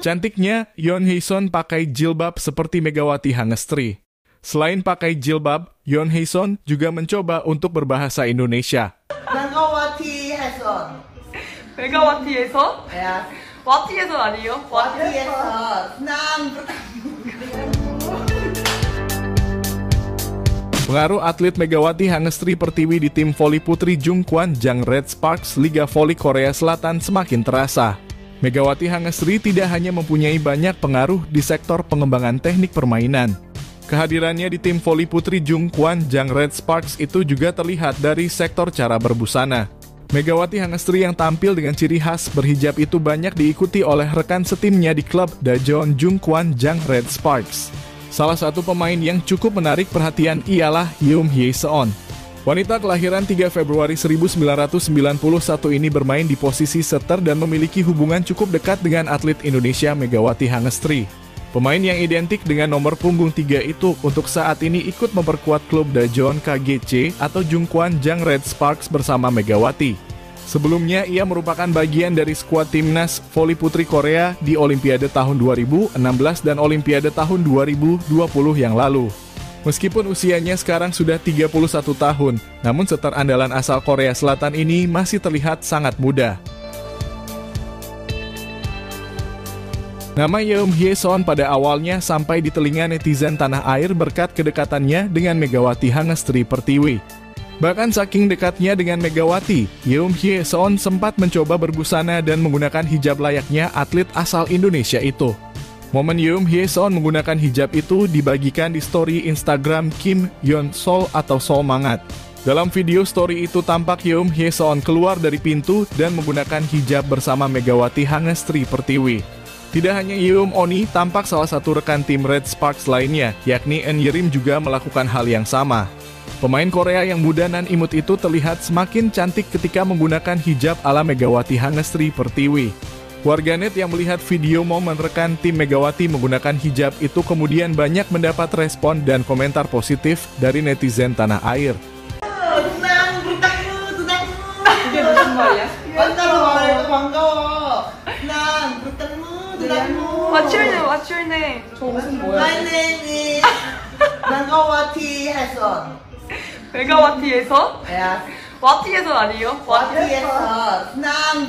Cantiknya, Yeon Hee-sun pakai jilbab seperti Megawati Hangestri. Selain pakai jilbab, Yeon Hee-sun juga mencoba untuk berbahasa Indonesia. Megawati Hee-sun. Megawati Hee-sun? Ya. Wati Hee-sun 아니에요? Wati Hee-sun. Pengaruh atlet Megawati Hangestri Pertiwi di tim voli putri Jungkwan Jang Red Sparks Liga Voli Korea Selatan semakin terasa. Megawati Hangesri tidak hanya mempunyai banyak pengaruh di sektor pengembangan teknik permainan. Kehadirannya di tim voli putri Jung Kwan Jang Red Sparks itu juga terlihat dari sektor cara berbusana. Megawati Hangestri yang tampil dengan ciri khas berhijab itu banyak diikuti oleh rekan setimnya di klub Dajon Kwan Jang Red Sparks. Salah satu pemain yang cukup menarik perhatian ialah Yum Hye Seon, Wanita kelahiran 3 Februari 1991 ini bermain di posisi setter dan memiliki hubungan cukup dekat dengan atlet Indonesia Megawati Hangestri. Pemain yang identik dengan nomor punggung 3 itu untuk saat ini ikut memperkuat klub Dajon KGC atau Jungkwan Jang Red Sparks bersama Megawati. Sebelumnya, ia merupakan bagian dari skuad timnas voli putri Korea di Olimpiade tahun 2016 dan Olimpiade tahun 2020 yang lalu. Meskipun usianya sekarang sudah 31 tahun, namun setar andalan asal Korea Selatan ini masih terlihat sangat muda. Nama Yeom Hye Son pada awalnya sampai di telinga netizen tanah air berkat kedekatannya dengan Megawati Hangestri Pertiwi. Bahkan saking dekatnya dengan Megawati, Yeom Hye Son sempat mencoba berbusana dan menggunakan hijab layaknya atlet asal Indonesia itu. Momen Yum Hyeson menggunakan hijab itu dibagikan di story Instagram Kim Yeon Sol atau Sol Mangat. Dalam video story itu tampak Yum Hyeson keluar dari pintu dan menggunakan hijab bersama Megawati Hangestri Pertiwi. Tidak hanya Yum Oni, tampak salah satu rekan tim Red Sparks lainnya, yakni En Yerim juga melakukan hal yang sama. Pemain Korea yang muda nan imut itu terlihat semakin cantik ketika menggunakan hijab ala Megawati Hangestri Pertiwi. Warganet yang melihat video momen rekan tim Megawati menggunakan hijab itu kemudian banyak mendapat respon dan komentar positif dari netizen tanah air. What's your name? What's your name? My name is Megawati 아니에요? 난